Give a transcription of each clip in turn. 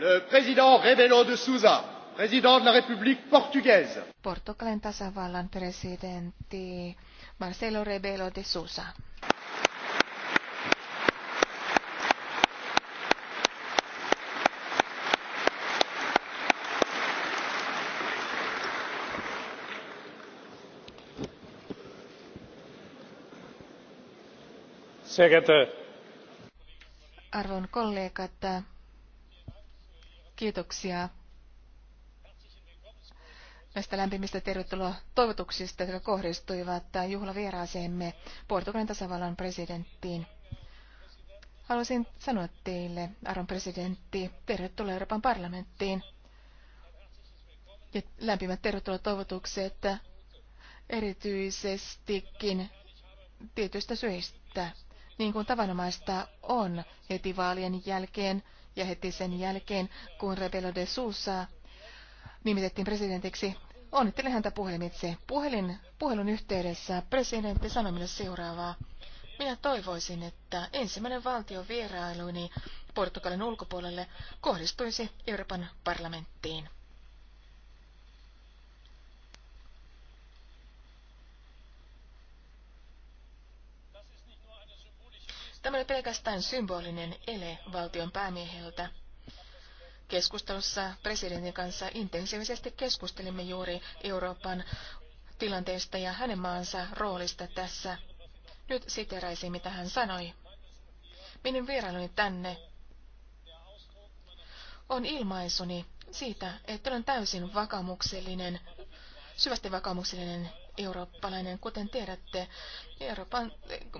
le président Rebelo de Souza, président de la République portugaise. Portugalin tasavallan presidentti Marcelo Rebelo de Souza. Arvon kollegat, Kiitoksia näistä lämpimistä tervetuloa toivotuksista, jotka kohdistuivat juhlavieraaseemme Portugalin tasavallan presidenttiin. Haluaisin sanoa teille, arvon presidentti, tervetuloa Euroopan parlamenttiin. Ja lämpimät tervetuloa toivotukset erityisestikin tietyistä syistä. Niin kuin tavanomaista on heti vaalien jälkeen, ja heti sen jälkeen, kun Rebelo de Sousa nimitettiin presidentiksi, onnittelen häntä puhelimitse. Puhelin, puhelun yhteydessä presidentti sanoi minulle seuraavaa. Minä toivoisin, että ensimmäinen valtion vierailuni Portugalin ulkopuolelle kohdistuisi Euroopan parlamenttiin. Tämä oli pelkästään symbolinen ele valtion päämieheltä. Keskustelussa presidentin kanssa intensiivisesti keskustelimme juuri Euroopan tilanteesta ja hänen maansa roolista tässä. Nyt siteräisin, mitä hän sanoi. Minun vierailuni tänne on ilmaisuni siitä, että olen täysin vakamuksellinen, syvästi vakamuksellinen eurooppalainen. Kuten tiedätte, Euroopan,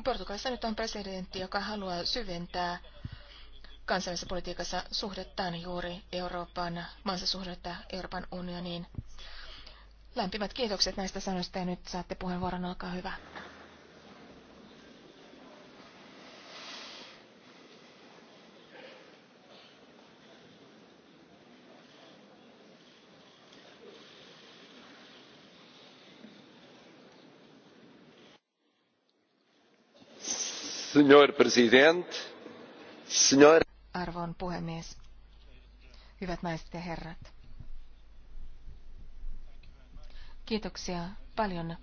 Portugalissa nyt on presidentti, joka haluaa syventää kansainvälisessä politiikassa suhdettaan juuri Euroopan, maansa suhdetta Euroopan unioniin. Lämpimät kiitokset näistä sanoista ja nyt saatte puheenvuoron, olkaa hyvä. Signor president, signor... Arvon puhemies, hyvät naiset ja herrat. Kiitoksia paljon,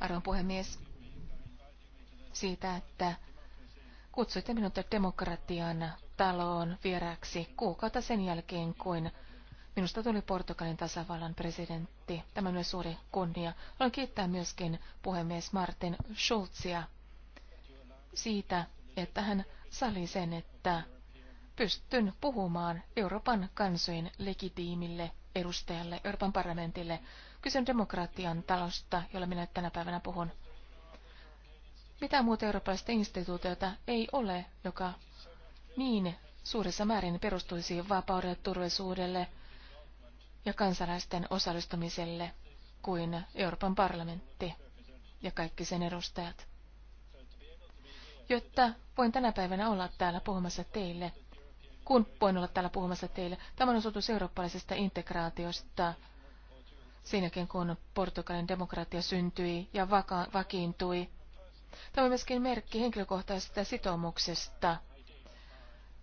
arvon puhemies, siitä, että kutsuitte minut demokratian taloon vieraksi kuukautta sen jälkeen, kuin minusta tuli Portugalin tasavallan presidentti. Tämä on myös suuri kunnia. Olen kiittää myöskin puhemies Martin Schulzia siitä, että hän sali sen, että pystyn puhumaan Euroopan kansojen legitiimille edustajalle Euroopan parlamentille. kysyn demokratian talosta, jolla minä tänä päivänä puhun. Mitä muuta eurooppalaista instituutiota ei ole, joka niin suuressa määrin perustuisi vapaudelle, turvallisuudelle ja kansalaisten osallistumiselle kuin Euroopan parlamentti ja kaikki sen edustajat jotta voin tänä päivänä olla täällä puhumassa teille. Kun voin olla täällä puhumassa teille, tämä on osoitus eurooppalaisesta integraatiosta. Sen jälkeen, kun Portugalin demokratia syntyi ja vaka- vakiintui, Tämä on myöskin merkki henkilökohtaisesta sitoumuksesta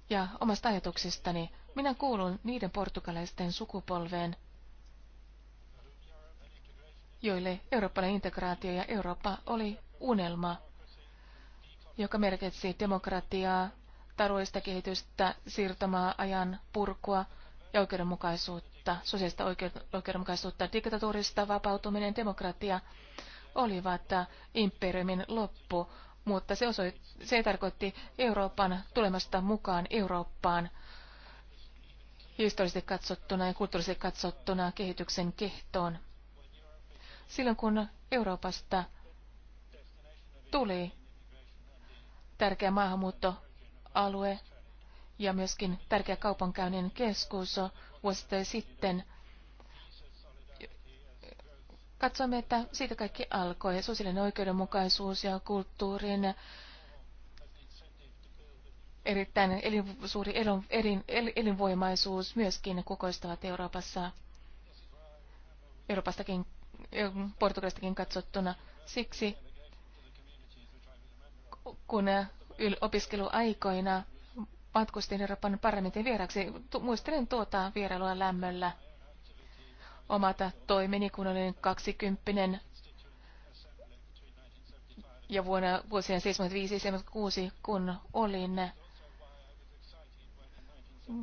ja omasta ajatuksestani. Minä kuulun niiden portugalaisten sukupolveen, joille eurooppalainen integraatio ja Eurooppa oli unelma joka merkitsi demokratiaa, taloudellista kehitystä, siirtomaa ajan purkua ja oikeudenmukaisuutta, sosiaalista oikeudenmukaisuutta, diktatuurista vapautuminen, demokratia olivat äh, imperiumin loppu, mutta se, osoi, se tarkoitti Euroopan tulemasta mukaan Eurooppaan historiallisesti katsottuna ja kulttuurisesti katsottuna kehityksen kehtoon. Silloin kun Euroopasta tuli tärkeä maahanmuuttoalue ja myöskin tärkeä kaupankäynnin keskus vuosittain sitten. Katsomme, että siitä kaikki alkoi sosiaalinen oikeudenmukaisuus ja kulttuurin erittäin elin, suuri elin, elin, elinvoimaisuus myöskin kukoistavat Euroopassa, Euroopastakin, Portugalistakin katsottuna. Siksi kun äh, opiskeluaikoina matkustin Euroopan parlamentin vieraksi. Muistelen tuota vierailua lämmöllä. Omata toimeni, kun olin kaksikymppinen ja vuonna vuosien 75-76, kun olin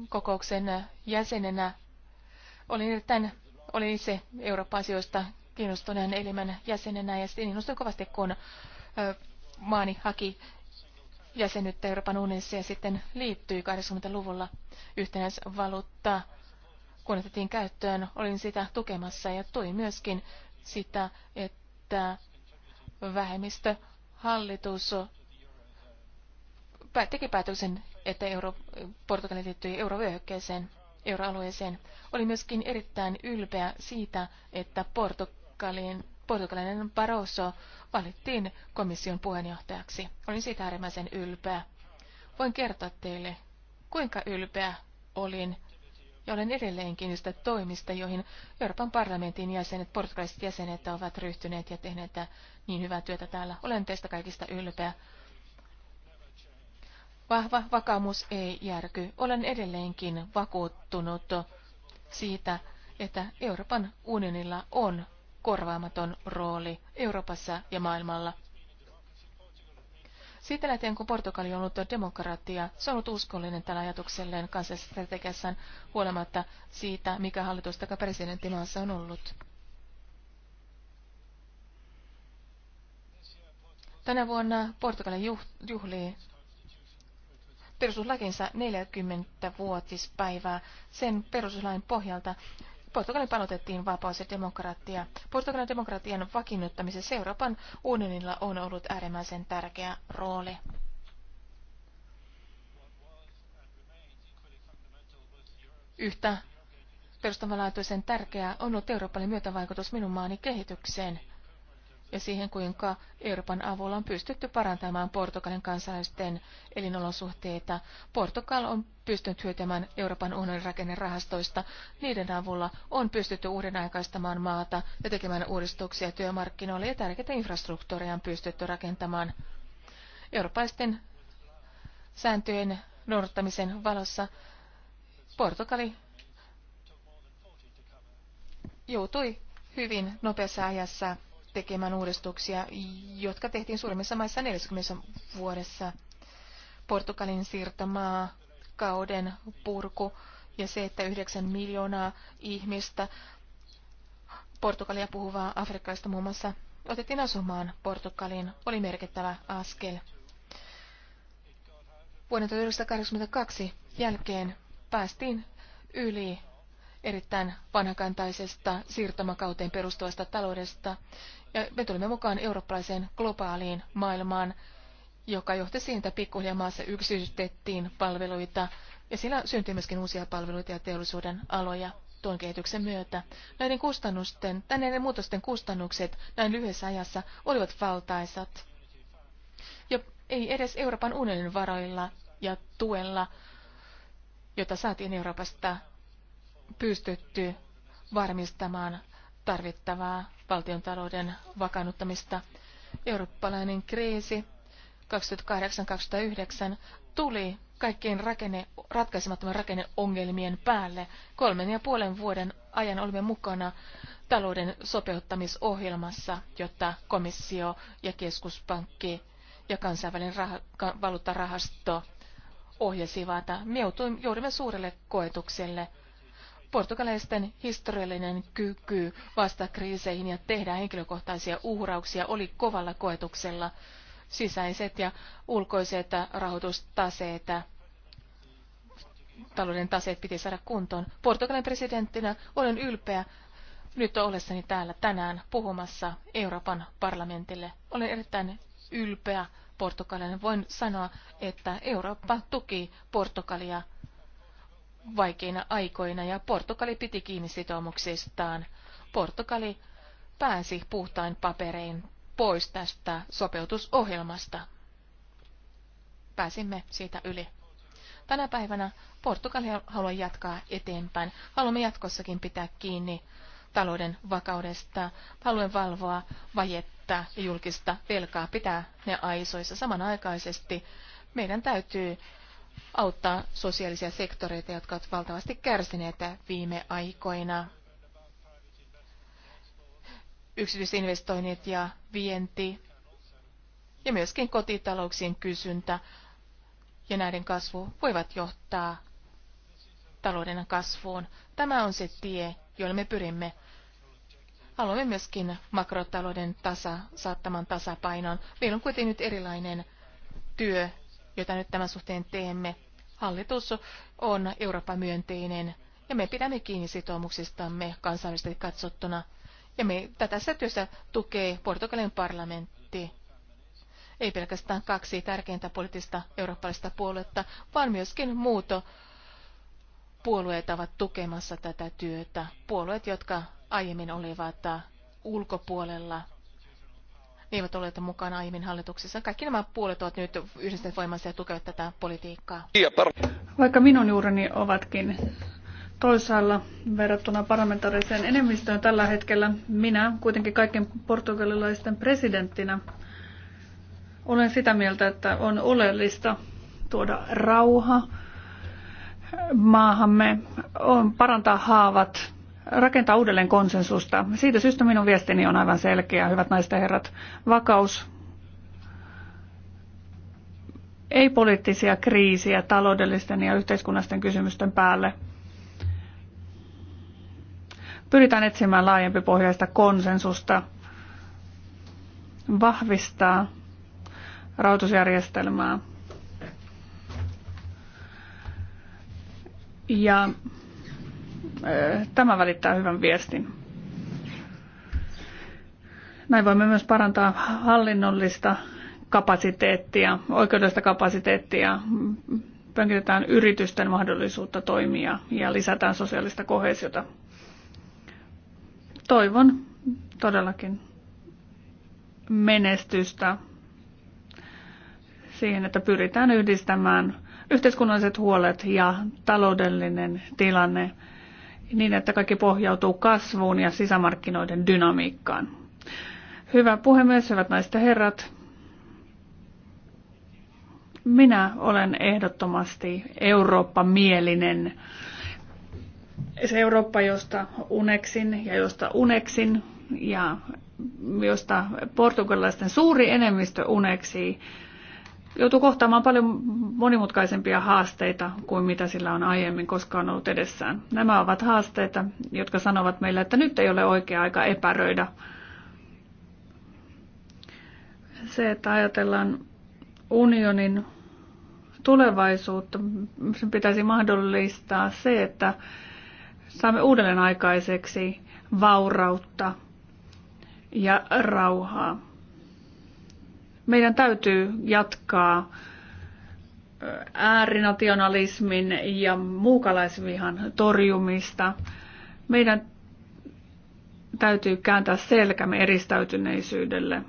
kokouksen jäsenenä, olin erittäin, olin itse Eurooppa-asioista kiinnostuneen elimen jäsenenä ja sitten innostuin kovasti, kun maani haki jäsenyyttä Euroopan unionissa ja sitten liittyi 80-luvulla yhtenäisvaluuttaa. Kun otettiin käyttöön, olin sitä tukemassa ja tuli myöskin sitä, että vähemmistöhallitus teki päätöksen, että euro, Portugali liittyi eurovyöhykkeeseen, euroalueeseen. Oli myöskin erittäin ylpeä siitä, että Portugalin portugalainen Barroso valittiin komission puheenjohtajaksi. Olin siitä äärimmäisen ylpeä. Voin kertoa teille, kuinka ylpeä olin ja olen edelleenkin niistä toimista, joihin Euroopan parlamentin jäsenet, portugalaiset jäsenet ovat ryhtyneet ja tehneet niin hyvää työtä täällä. Olen teistä kaikista ylpeä. Vahva vakaumus ei järky. Olen edelleenkin vakuuttunut siitä, että Euroopan unionilla on korvaamaton rooli Euroopassa ja maailmalla. Siitä lähtien, kun Portugali on ollut demokratia, se on ollut uskollinen tällä ajatukselleen kansallisessa huolimatta siitä, mikä hallitus tai presidentti maassa on ollut. Tänä vuonna Portugali juhlii perustuslakinsa 40-vuotispäivää. Sen perustuslain pohjalta Portugalin panotettiin vapaus ja demokratia. Portugalin demokratian vakiinnuttamisessa Euroopan unionilla on ollut äärimmäisen tärkeä rooli. Yhtä perustavanlaatuisen tärkeää on ollut Euroopan myötävaikutus minun maani kehitykseen – ja siihen, kuinka Euroopan avulla on pystytty parantamaan Portugalin kansalaisten elinolosuhteita. Portugal on pystynyt hyötymään Euroopan unionin rakennerahastoista. Niiden avulla on pystytty uudenaikaistamaan maata ja tekemään uudistuksia työmarkkinoille ja tärkeitä infrastruktuureja on pystytty rakentamaan. Eurooppaisten sääntöjen noudattamisen valossa Portugali joutui hyvin nopeassa ajassa tekemään uudistuksia, jotka tehtiin suurimmissa maissa 40 vuodessa. Portugalin siirtomaa, kauden purku ja se, että 9 miljoonaa ihmistä Portugalia puhuvaa Afrikkaista muun muassa otettiin asumaan Portugaliin, oli merkittävä askel. Vuonna 1982 jälkeen päästiin yli erittäin vanhakantaisesta siirtomakauteen perustuvasta taloudesta. Ja me tulimme mukaan eurooppalaiseen globaaliin maailmaan, joka johti että pikkuhiljaa maassa yksityistettiin palveluita, ja siellä syntyi myöskin uusia palveluita ja teollisuuden aloja tuon kehityksen myötä. Näiden kustannusten, näiden muutosten kustannukset näin lyhyessä ajassa olivat valtaisat. Ja ei edes Euroopan unionin varoilla ja tuella, jota saatiin Euroopasta pystytty varmistamaan tarvittavaa valtiontalouden vakannuttamista. Eurooppalainen kriisi 2008-2009 tuli kaikkien rakenne, ratkaisemattoman rakenneongelmien päälle. Kolmen ja puolen vuoden ajan olimme mukana talouden sopeuttamisohjelmassa, jotta komissio ja keskuspankki ja kansainvälinen valuuttarahasto ohjasivat. Me joudumme suurelle koetukselle Portugalaisten historiallinen kyky vastata kriiseihin ja tehdä henkilökohtaisia uhrauksia oli kovalla koetuksella. Sisäiset ja ulkoiset rahoitustaseet, talouden taseet piti saada kuntoon. Portugalin presidenttinä olen ylpeä nyt ollessani täällä tänään puhumassa Euroopan parlamentille. Olen erittäin ylpeä Portugalin. Voin sanoa, että Eurooppa tuki Portugalia vaikeina aikoina ja Portugali piti kiinni sitoumuksistaan. Portugali pääsi puhtain paperein pois tästä sopeutusohjelmasta. Pääsimme siitä yli. Tänä päivänä Portugali haluaa jatkaa eteenpäin. Haluamme jatkossakin pitää kiinni talouden vakaudesta. Haluamme valvoa vajetta ja julkista velkaa, pitää ne aisoissa samanaikaisesti. Meidän täytyy auttaa sosiaalisia sektoreita, jotka ovat valtavasti kärsineet viime aikoina. Yksityisinvestoinnit ja vienti ja myöskin kotitalouksien kysyntä ja näiden kasvu voivat johtaa talouden kasvuun. Tämä on se tie, jolle me pyrimme. Haluamme myöskin makrotalouden tasa, saattamaan tasapainoon. Meillä on kuitenkin nyt erilainen työ joita nyt tämän suhteen teemme. Hallitus on Euroopan myönteinen ja me pidämme kiinni sitoumuksistamme kansainvälisesti katsottuna. Ja me, tätä työssä tukee Portugalin parlamentti. Ei pelkästään kaksi tärkeintä poliittista eurooppalaista puoluetta, vaan myöskin muuto puolueet ovat tukemassa tätä työtä. Puolueet, jotka aiemmin olivat ulkopuolella eivät olleet mukana aiemmin hallituksessa. Kaikki nämä puolet ovat nyt yhdisteet voimansa ja tukevat tätä politiikkaa. Vaikka minun juureni ovatkin toisaalla verrattuna parlamentaariseen enemmistöön tällä hetkellä, minä kuitenkin kaiken portugalilaisten presidenttinä olen sitä mieltä, että on oleellista tuoda rauha maahamme, on parantaa haavat rakentaa uudelleen konsensusta. Siitä syystä minun viestini on aivan selkeä, hyvät naiset ja herrat. Vakaus, ei poliittisia kriisiä taloudellisten ja yhteiskunnallisten kysymysten päälle. Pyritään etsimään laajempi pohjaista konsensusta, vahvistaa rahoitusjärjestelmää ja Äh, tämä välittää hyvän viestin. Näin voimme myös parantaa hallinnollista kapasiteettia, oikeudellista kapasiteettia, pönkitetään yritysten mahdollisuutta toimia ja lisätään sosiaalista kohesiota. Toivon todellakin menestystä siihen, että pyritään yhdistämään yhteiskunnalliset huolet ja taloudellinen tilanne niin, että kaikki pohjautuu kasvuun ja sisämarkkinoiden dynamiikkaan. Hyvä puhemies, hyvät naiset ja herrat. Minä olen ehdottomasti Eurooppa-mielinen. Se Eurooppa, josta uneksin ja josta uneksin ja josta portugalaisten suuri enemmistö uneksii, joutuu kohtaamaan paljon monimutkaisempia haasteita kuin mitä sillä on aiemmin koskaan ollut edessään. Nämä ovat haasteita, jotka sanovat meille, että nyt ei ole oikea aika epäröidä. Se, että ajatellaan unionin tulevaisuutta, sen pitäisi mahdollistaa se, että saamme uudelleen aikaiseksi vaurautta ja rauhaa meidän täytyy jatkaa äärinationalismin ja muukalaisvihan torjumista. Meidän täytyy kääntää selkämme eristäytyneisyydelle.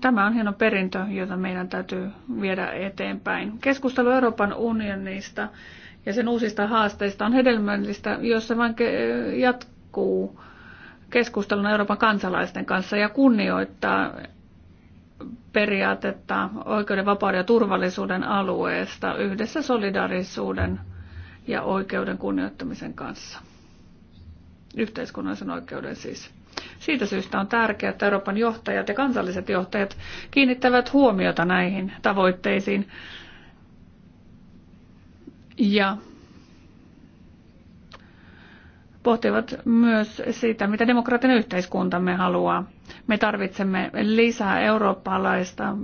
Tämä on hieno perintö, jota meidän täytyy viedä eteenpäin. Keskustelu Euroopan unionista ja sen uusista haasteista on hedelmällistä, jos se vain jatkuu keskustelun Euroopan kansalaisten kanssa ja kunnioittaa periaatetta oikeuden, vapauden ja turvallisuuden alueesta yhdessä solidaarisuuden ja oikeuden kunnioittamisen kanssa. Yhteiskunnallisen oikeuden siis. Siitä syystä on tärkeää, että Euroopan johtajat ja kansalliset johtajat kiinnittävät huomiota näihin tavoitteisiin ja pohtivat myös sitä, mitä demokraattinen yhteiskuntamme haluaa. Me tarvitsemme lisää eurooppalaista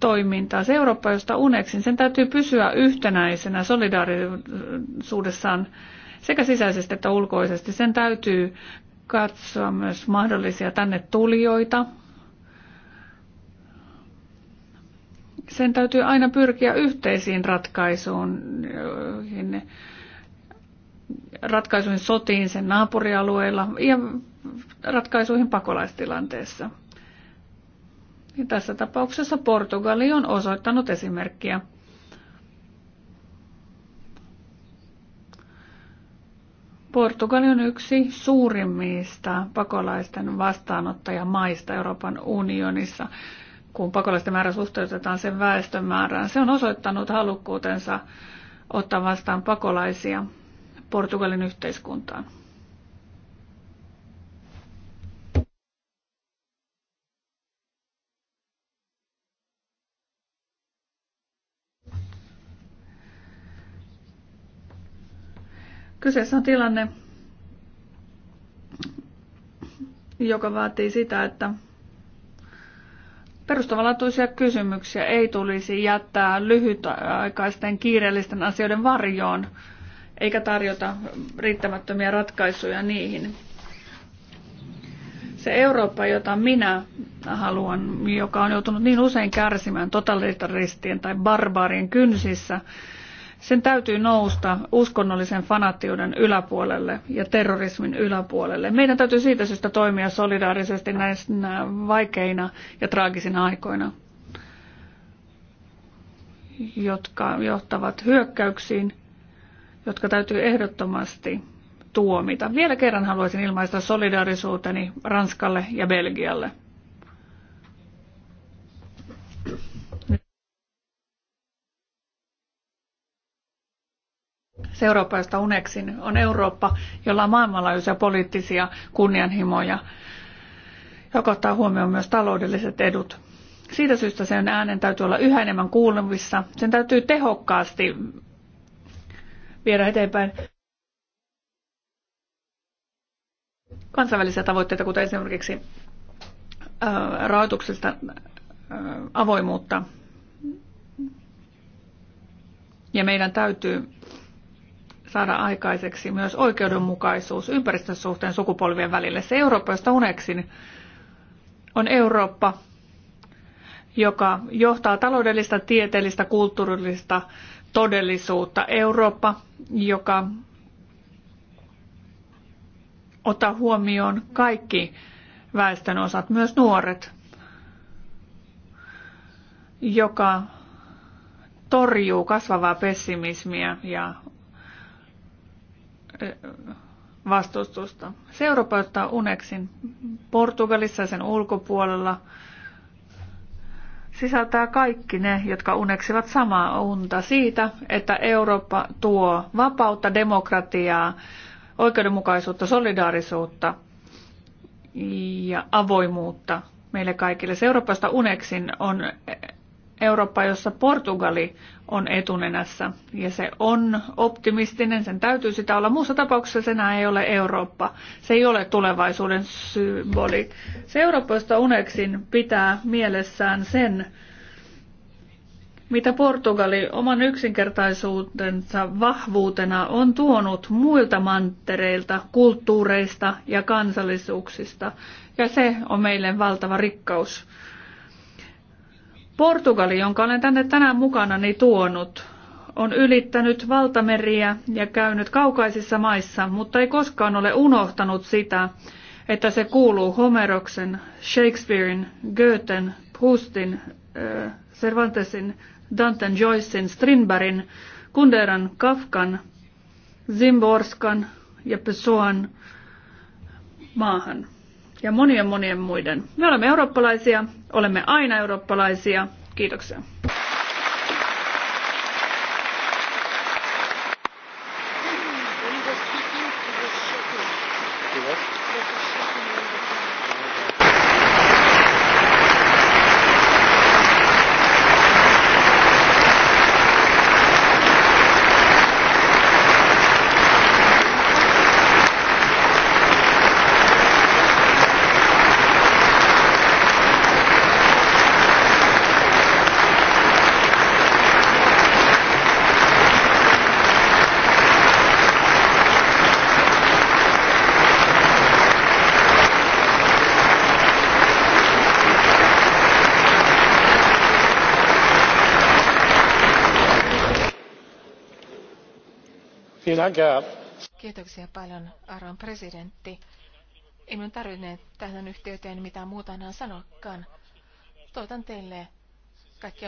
toimintaa. Se Eurooppa, josta uneksin, sen täytyy pysyä yhtenäisenä solidaarisuudessaan sekä sisäisesti että ulkoisesti. Sen täytyy katsoa myös mahdollisia tänne tulijoita, sen täytyy aina pyrkiä yhteisiin ratkaisuihin, ratkaisuihin sotiin sen naapurialueilla ja ratkaisuihin pakolaistilanteessa. Ja tässä tapauksessa Portugali on osoittanut esimerkkiä. Portugali on yksi suurimmista pakolaisten vastaanottajamaista Euroopan unionissa kun pakolaisten määrä suhteutetaan sen väestön määrään. Se on osoittanut halukkuutensa ottaa vastaan pakolaisia Portugalin yhteiskuntaan. Kyseessä on tilanne, joka vaatii sitä, että Perustavanlaatuisia kysymyksiä ei tulisi jättää lyhytaikaisten kiireellisten asioiden varjoon, eikä tarjota riittämättömiä ratkaisuja niihin. Se Eurooppa, jota minä haluan, joka on joutunut niin usein kärsimään totalitaristien tai barbaarien kynsissä, sen täytyy nousta uskonnollisen fanattiuden yläpuolelle ja terrorismin yläpuolelle. Meidän täytyy siitä syystä toimia solidaarisesti näinä vaikeina ja traagisina aikoina, jotka johtavat hyökkäyksiin, jotka täytyy ehdottomasti tuomita. Vielä kerran haluaisin ilmaista solidaarisuuteni Ranskalle ja Belgialle. se siis Eurooppa, josta uneksin, on Eurooppa, jolla on maailmanlaajuisia poliittisia kunnianhimoja, joka ottaa huomioon myös taloudelliset edut. Siitä syystä sen äänen täytyy olla yhä enemmän kuuluvissa. Sen täytyy tehokkaasti viedä eteenpäin kansainvälisiä tavoitteita, kuten esimerkiksi rahoituksesta avoimuutta. Ja meidän täytyy saada aikaiseksi myös oikeudenmukaisuus ympäristön suhteen sukupolvien välille. Se Eurooppa, josta uneksin, on Eurooppa, joka johtaa taloudellista, tieteellistä, kulttuurillista todellisuutta. Eurooppa, joka ottaa huomioon kaikki väestön osat, myös nuoret, joka torjuu kasvavaa pessimismiä ja vastustusta. Se ottaa uneksin Portugalissa ja sen ulkopuolella sisältää kaikki ne, jotka uneksivat samaa unta siitä, että Eurooppa tuo vapautta, demokratiaa, oikeudenmukaisuutta, solidaarisuutta ja avoimuutta meille kaikille. Se Euroopasta uneksin on Eurooppa, jossa Portugali on etunenässä. Ja se on optimistinen, sen täytyy sitä olla. Muussa tapauksessa se enää ei ole Eurooppa. Se ei ole tulevaisuuden symboli. Se Eurooppa, josta uneksin pitää mielessään sen, mitä Portugali oman yksinkertaisuutensa vahvuutena on tuonut muilta mantereilta, kulttuureista ja kansallisuuksista. Ja se on meille valtava rikkaus. Portugali, jonka olen tänne tänään mukanani tuonut, on ylittänyt valtameriä ja käynyt kaukaisissa maissa, mutta ei koskaan ole unohtanut sitä, että se kuuluu Homeroksen, Shakespearein, Goethen, Proustin, Cervantesin, Danten Joycein, Strindbergin, Kunderan, Kafkan, Zimborskan ja Pessoan maahan ja monien monien muiden. Me olemme eurooppalaisia, olemme aina eurooppalaisia. Kiitoksia. Kiitoksia paljon, arvon presidentti. Ei minun tähän yhteyteen mitään muuta enää sanokaan. Toivotan teille kaikki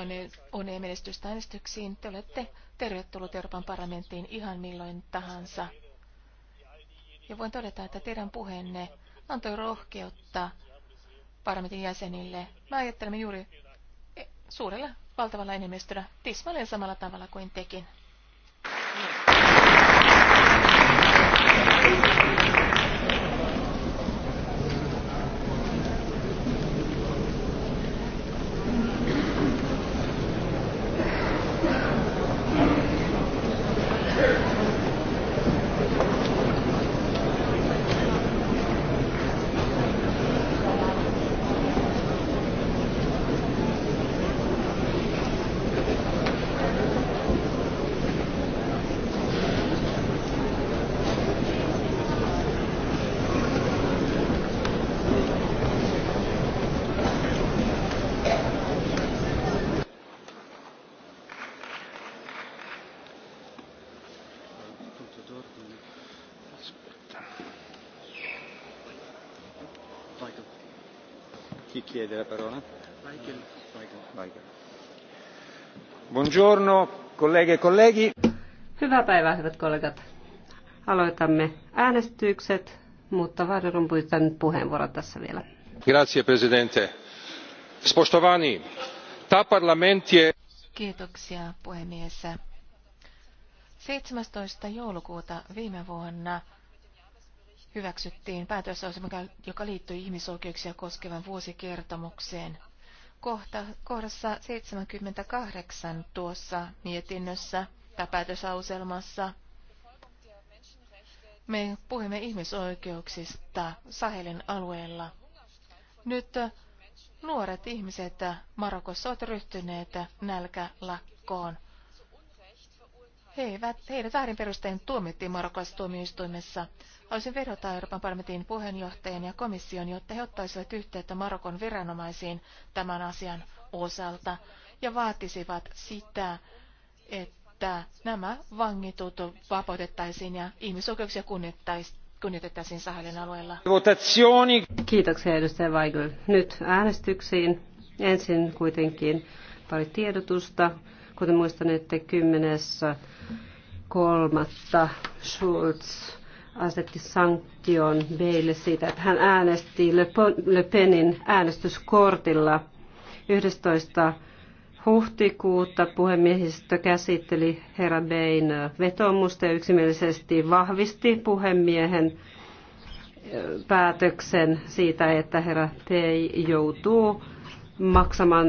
onnea menestystä äänestyksiin. Te olette tervetullut Euroopan parlamenttiin ihan milloin tahansa. Ja voin todeta, että teidän puheenne antoi rohkeutta parlamentin jäsenille. Mä ajattelemme juuri eh, suurella valtavalla enemmistöllä tismalleen samalla tavalla kuin tekin. E Hyvää päivää, hyvät kollegat. Aloitamme äänestykset, mutta Vaarirun pyytänyt puheenvuoron tässä vielä. Grazie, presidente. Spostovani, ta parlament je... Kiitoksia, puhemies. 17. joulukuuta viime vuonna hyväksyttiin päätösasema, joka liittyy ihmisoikeuksia koskevan vuosikertomukseen. Kohta, kohdassa 78 tuossa mietinnössä tai päätösauselmassa me puhumme ihmisoikeuksista Sahelin alueella. Nyt nuoret ihmiset Marokossa ovat ryhtyneet nälkälakkoon. He eivät, heidät väärin perustein tuomittiin Marokossa tuomioistuimessa. Haluaisin vedota Euroopan parlamentin puheenjohtajan ja komission, jotta he ottaisivat yhteyttä Marokon viranomaisiin tämän asian osalta ja vaatisivat sitä, että nämä vangitut vapautettaisiin ja ihmisoikeuksia kunnioitettaisiin Sahelin alueella. Kiitoksia edustaja Weigel. Nyt äänestyksiin. Ensin kuitenkin pari tiedotusta. Kuten muistanette, 10.3. Schulz asetti sanktion Beille siitä, että hän äänesti Le Penin äänestyskortilla 11. huhtikuuta. Puhemiehistö käsitteli herra Bein vetomusta ja yksimielisesti vahvisti puhemiehen päätöksen siitä, että herra Pei joutuu maksamaan